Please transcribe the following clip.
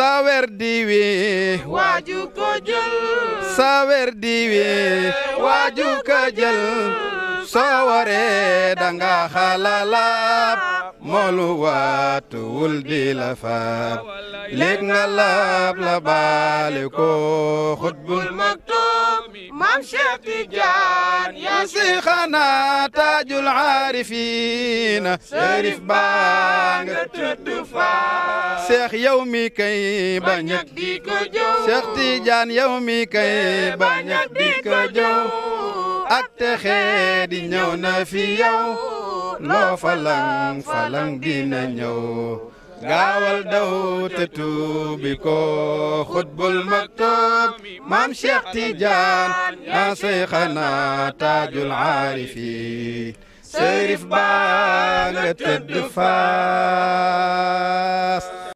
sawer diwi waaju ko jël sawer diwi waaju ko jël danga xalalaab moolu waatu wul di la faab léeg la baale ko xutbul maam Cheikh Tidiane yaa seyxana taajul aarifiina sërif baa nga tudd faa Cheikh yow mi kay bañ ak di ko jëw Cheikh Tidiane yow mi kay bañ ak di ko jëw ak texe di ñëw na fi yow loo falang falang dina ñëw gaawal daw te tuubi ko xutbul maktub maam Cheikh Tidiane yaa seyxana taajul aarifiin sërif baa nga tëdd faa